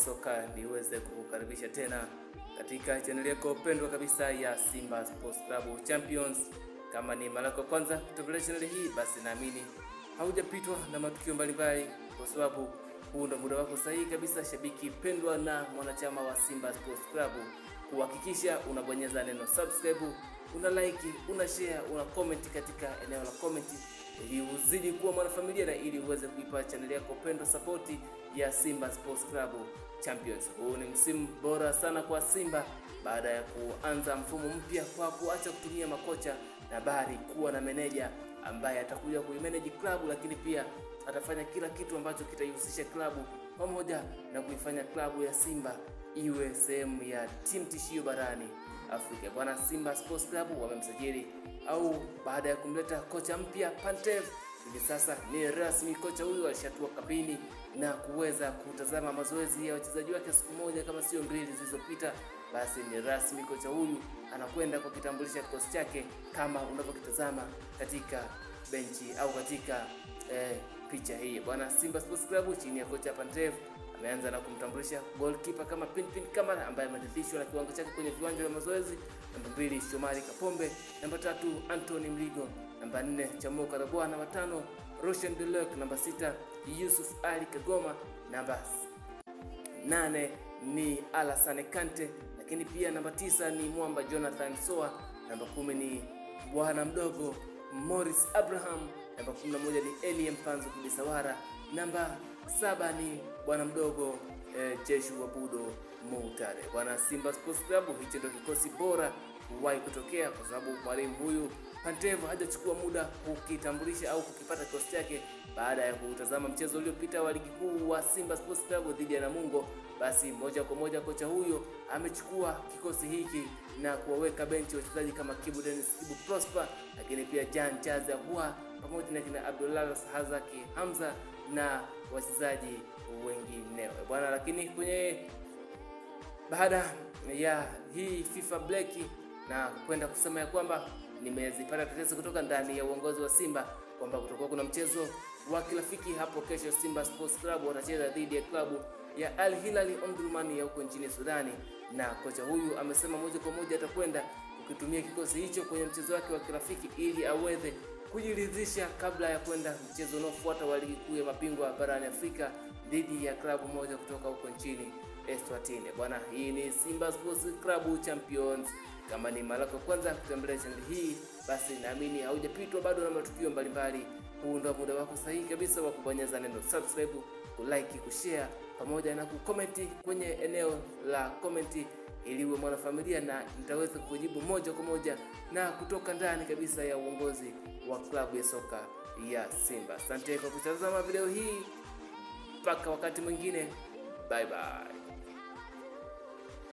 soka niweze kukukaribisha tena katika chaneli yako pendwa kabisa ya Simba Sports Club Champions. Kama ni mara ya kwanza kutembelea chaneli hii, basi naamini haujapitwa na matukio mbalimbali, kwa sababu huu ndo muda wako sahihi kabisa, shabiki pendwa na mwanachama wa Simba Sports Club, kuhakikisha unabonyeza neno subscribe, una like, una share, una comment katika eneo la comment ili uzidi kuwa mwanafamilia na ili uweze kuipa chaneli yako pendwa sapoti ya Simba Sports Club Champions. Huu ni msimu bora sana kwa Simba baada ya kuanza mfumo mpya kwa kuacha kutumia makocha na bari kuwa na meneja ambaye atakuja kuimeneji klabu, lakini pia atafanya kila kitu ambacho kitaihusisha klabu pamoja na kuifanya klabu ya Simba iwe sehemu ya timu tishio barani Afrika bwana. Simba Sports Club wamemsajili au baada ya kumleta kocha mpya Pantev, hivi sasa ni rasmi. Kocha huyu alishatua kapini na kuweza kutazama mazoezi ya wachezaji wake siku moja kama sio mbili zilizopita. Basi ni rasmi, kocha huyu anakwenda kukitambulisha kikosi chake kama unavyokitazama katika benchi au katika eh, picha hii bwana. Simba Sports Club chini ya kocha Pantev ameanza na kumtambulisha goalkeeper kama Pinpin Kamara ambaye amedhibitishwa na kiwango chake kwenye viwanja vya mazoezi. Namba mbili, Shomari Kapombe. Namba tatu, Anthony Mligo. Namba nne, Chamu Karabwa. Namba tano, Roshan Delok. Namba sita, Yusuf Ali Kagoma. Namba nane ni Alasane Kante, lakini pia namba tisa ni Mwamba Jonathan Soa. Namba kumi ni bwana mdogo Morris Abraham namba 11 ni Elie Mpanzo Kibisawara, namba saba ni bwana mdogo eh, Jeshu Wabudo Moutare. Bwana Simba Sports Club, hicho ndio kikosi bora kuwahi kutokea, kwa sababu mwalimu huyu Pantev hajachukua muda kukitambulisha au kukipata kikosi chake baada ya kutazama mchezo uliopita wa ligi kuu wa Simba Sports Club dhidi ya Namungo. Basi moja kwa moja kocha huyo amechukua kikosi hiki na kuwaweka benchi wachezaji kama Kibu Dennis, Kibu Prosper, lakini pia Jan Chaza Bua pamoja na kina Abdullah Hazaki Hamza na wachezaji wengineo bwana. Lakini kwenye baada ya hii FIFA Black na kwenda kusema ya kwamba nimezipata tetesi kutoka ndani ya uongozi wa Simba kwamba kutakuwa kuna mchezo wa kirafiki hapo kesho. Simba Sports Club watacheza dhidi ya klabu ya Al Hilal Omdurman ya huko nchini Sudani, na kocha huyu amesema moja kwa moja atakwenda kukitumia kikosi hicho kwenye mchezo wake wa kirafiki ili aweze kujiridhisha kabla ya kwenda mchezo unaofuata wa ligi kuu ya mabingwa barani Afrika dhidi ya klabu moja kutoka huko nchini Eswatini. Bwana, hii ni Simba Sports Club Champions. Kama ni mara kwa kwanza kutembelea channel hii, basi naamini haujapitwa bado na matukio mbalimbali. Huu ndio muda wako sahihi kabisa wa kubonyeza neno subscribe, kulike, kushare pamoja na kukomenti kwenye eneo la komenti ili uwe mwanafamilia na nitaweza kujibu moja kwa moja na kutoka ndani kabisa ya uongozi wa klabu ya soka ya Simba. Asante kwa kutazama video hii, mpaka wakati mwingine, bye bye.